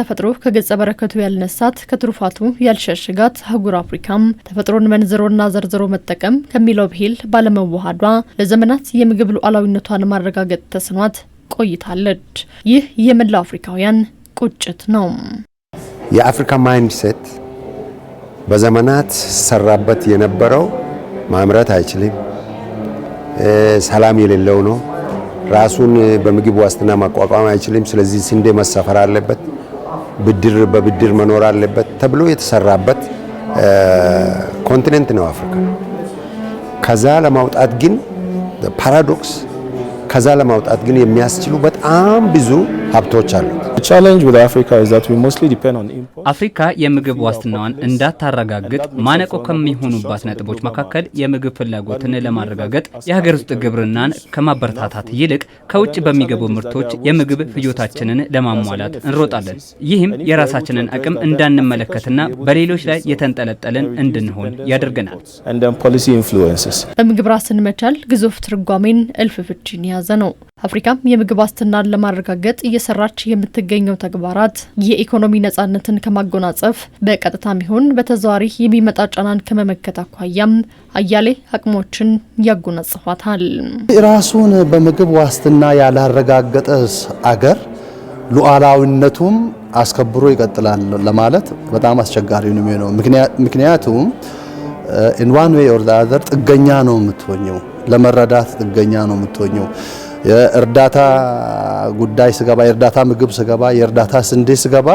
ተፈጥሮ ከገጸ በረከቱ ያልነሳት ከትሩፋቱ ያልሸሸጋት አህጉር አፍሪካም ተፈጥሮን መንዝሮና ዘርዝሮ መጠቀም ከሚለው ብሂል ባለመዋሃዷ ለዘመናት የምግብ ሉዓላዊነቷን ማረጋገጥ ተስኗት ቆይታለች። ይህ የመላው አፍሪካውያን ቁጭት ነው። የአፍሪካ ማይንድሴት በዘመናት ሰራበት የነበረው ማምረት አይችልም፣ ሰላም የሌለው ነው ራሱን በምግብ ዋስትና ማቋቋም አይችልም። ስለዚህ ስንዴ መሰፈር አለበት። ብድር በብድር መኖር አለበት ተብሎ የተሰራበት ኮንቲኔንት ነው አፍሪካ። ከዛ ለማውጣት ግን ፓራዶክስ ከዛ ለማውጣት ግን የሚያስችሉ በጣም ብዙ ሀብቶች አሉት። አፍሪካ የምግብ ዋስትናዋን እንዳታረጋግጥ ማነቆ ከሚሆኑባት ነጥቦች መካከል የምግብ ፍላጎትን ለማረጋገጥ የሀገር ውስጥ ግብርናን ከማበረታታት ይልቅ ከውጭ በሚገቡ ምርቶች የምግብ ፍጆታችንን ለማሟላት እንሮጣለን። ይህም የራሳችንን አቅም እንዳንመለከትና በሌሎች ላይ የተንጠለጠልን እንድንሆን ያደርገናል። በምግብ ራስን መቻል ግዙፍ ትርጓሜን እልፍ ፍቺን የያዘ ነው። አፍሪካም የምግብ ዋስትናን ለማረጋገጥ እየሰራች የምትገኘው ተግባራት የኢኮኖሚ ነጻነትን ከማጎናጸፍ በቀጥታም ይሁን በተዘዋዋሪ የሚመጣ ጫናን ከመመከት አኳያም አያሌ አቅሞችን ያጎናጽፏታል። ራሱን በምግብ ዋስትና ያላረጋገጠ አገር ሉዓላዊነቱም አስከብሮ ይቀጥላል ለማለት በጣም አስቸጋሪ ነው የሚሆነው። ምክንያቱም ኢን ዋን ዌይ ኦር ዘ አዘር ጥገኛ ነው የምትሆኘው፣ ለመረዳት ጥገኛ ነው የምትሆኘው። የእርዳታ ጉዳይ ስገባ የእርዳታ ምግብ ስገባ የእርዳታ ስንዴ ስገባ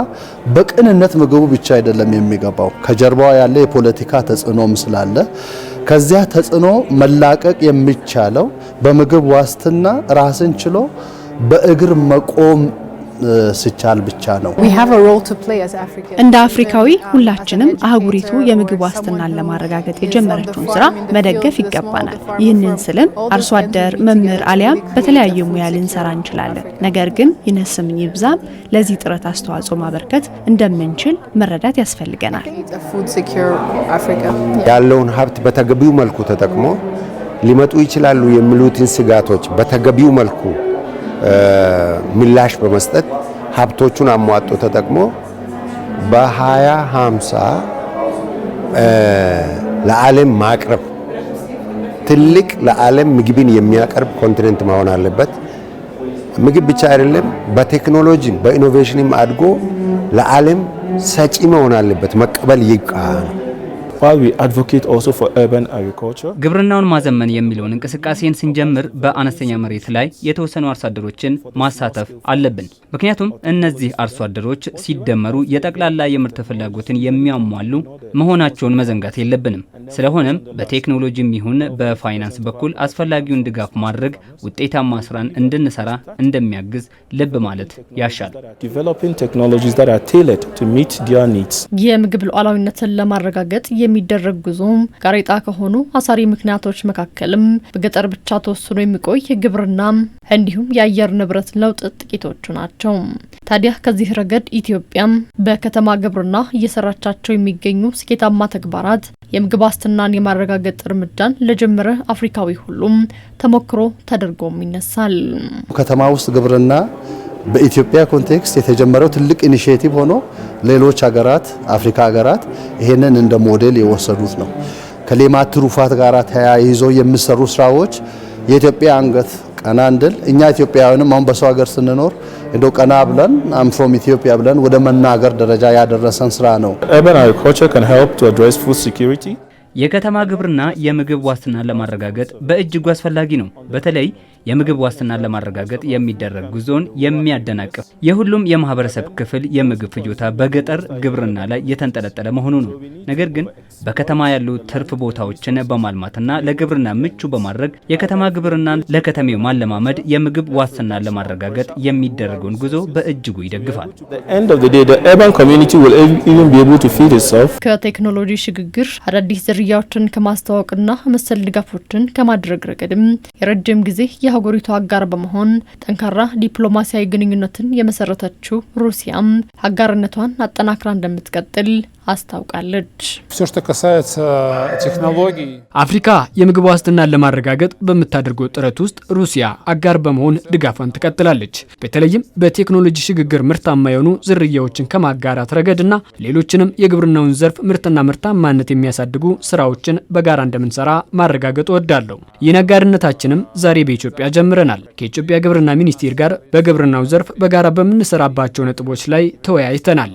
በቅንነት ምግቡ ብቻ አይደለም የሚገባው፣ ከጀርባዋ ያለ የፖለቲካ ተጽዕኖም ስላለ ከዚያ ተጽዕኖ መላቀቅ የሚቻለው በምግብ ዋስትና ራስን ችሎ በእግር መቆም ስቻል ብቻ ነው። እንደ አፍሪካዊ ሁላችንም አህጉሪቱ የምግብ ዋስትናን ለማረጋገጥ የጀመረችውን ስራ መደገፍ ይገባናል። ይህንን ስልም አርሶ አደር፣ መምህር አሊያም በተለያየ ሙያ ልንሰራ እንችላለን። ነገር ግን ይነስም ይብዛም ለዚህ ጥረት አስተዋጽኦ ማበርከት እንደምንችል መረዳት ያስፈልገናል። ያለውን ሀብት በተገቢው መልኩ ተጠቅሞ ሊመጡ ይችላሉ የሚሉትን ስጋቶች በተገቢው መልኩ ምላሽ በመስጠት ሀብቶቹን አሟጦ ተጠቅሞ በ2050 ለዓለም ማቅረብ ትልቅ ለዓለም ምግብን የሚያቀርብ ኮንቲኔንት መሆን አለበት። ምግብ ብቻ አይደለም፣ በቴክኖሎጂ በኢኖቬሽንም አድጎ ለዓለም ሰጪ መሆን አለበት። መቀበል ይቃ ነው። ግብርናውን ማዘመን የሚለውን እንቅስቃሴን ስንጀምር በአነስተኛ መሬት ላይ የተወሰኑ አርሶ አደሮችን ማሳተፍ አለብን። ምክንያቱም እነዚህ አርሶ አደሮች ሲደመሩ የጠቅላላ የምርት ፍላጎትን የሚያሟሉ መሆናቸውን መዘንጋት የለብንም። ስለሆነም በቴክኖሎጂም ይሁን በፋይናንስ በኩል አስፈላጊውን ድጋፍ ማድረግ ውጤታማ ስራን እንድንሰራ እንደሚያግዝ ልብ ማለት ያሻል። የምግብ ሉዓላዊነትን ለማረጋገጥ የሚደረግ ጉዞም ጋሬጣ ከሆኑ አሳሪ ምክንያቶች መካከልም በገጠር ብቻ ተወስኖ የሚቆይ የግብርና እንዲሁም የአየር ንብረት ለውጥ ጥቂቶቹ ናቸው። ታዲያ ከዚህ ረገድ ኢትዮጵያም በከተማ ግብርና እየሰራቻቸው የሚገኙ ስኬታማ ተግባራት የምግብ ዋስትናን የማረጋገጥ እርምጃን ለጀመረ አፍሪካዊ ሁሉም ተሞክሮ ተደርጎም ይነሳል። ከተማ ውስጥ ግብርና በኢትዮጵያ ኮንቴክስት የተጀመረው ትልቅ ኢኒሽቲቭ ሆኖ ሌሎች ሀገራት አፍሪካ ሀገራት ይሄንን እንደ ሞዴል የወሰዱት ነው። ከሌማት ትሩፋት ጋር ተያይዞ የሚሰሩ ስራዎች የኢትዮጵያ አንገት ቀና እንድል እኛ ኢትዮጵያውያንም አሁን በሰው ሀገር ስንኖር እንደ ቀና ብለን አም ፍሮም ኢትዮጵያ ብለን ወደ መናገር ደረጃ ያደረሰን ስራ ነው። የከተማ ግብርና የምግብ ዋስትናን ለማረጋገጥ በእጅጉ አስፈላጊ ነው። በተለይ የምግብ ዋስትናን ለማረጋገጥ የሚደረግ ጉዞን የሚያደናቅፍ የሁሉም የማህበረሰብ ክፍል የምግብ ፍጆታ በገጠር ግብርና ላይ የተንጠለጠለ መሆኑ ነው። ነገር ግን በከተማ ያሉ ትርፍ ቦታዎችን በማልማትና ለግብርና ምቹ በማድረግ የከተማ ግብርናን ለከተሜው ማለማመድ የምግብ ዋስትናን ለማረጋገጥ የሚደረገውን ጉዞ በእጅጉ ይደግፋል። ከቴክኖሎጂ ሽግግር አዳዲስ ዝርያዎችን ከማስተዋወቅና መሰል ድጋፎችን ከማድረግ ረገድም የረጅም ጊዜ የአህጉሪቱ አጋር በመሆን ጠንካራ ዲፕሎማሲያዊ ግንኙነትን የመሰረተችው ሩሲያም አጋርነቷን አጠናክራ እንደምትቀጥል አስታውቃለች። э, አፍሪካ የምግብ ዋስትናን ለማረጋገጥ በምታደርገው ጥረት ውስጥ ሩሲያ አጋር በመሆን ድጋፏን ትቀጥላለች። በተለይም በቴክኖሎጂ ሽግግር ምርታማ የሆኑ ዝርያዎችን ከማጋራት ረገድና ሌሎችንም የግብርናውን ዘርፍ ምርትና ምርታማነት የሚያሳድጉ ስራዎችን በጋራ እንደምንሰራ ማረጋገጥ እወዳለሁ። ይህን አጋርነታችንም ዛሬ በኢትዮጵያ ኢትዮጵያ ጀምረናል። ከኢትዮጵያ ግብርና ሚኒስቴር ጋር በግብርናው ዘርፍ በጋራ በምንሰራባቸው ነጥቦች ላይ ተወያይተናል።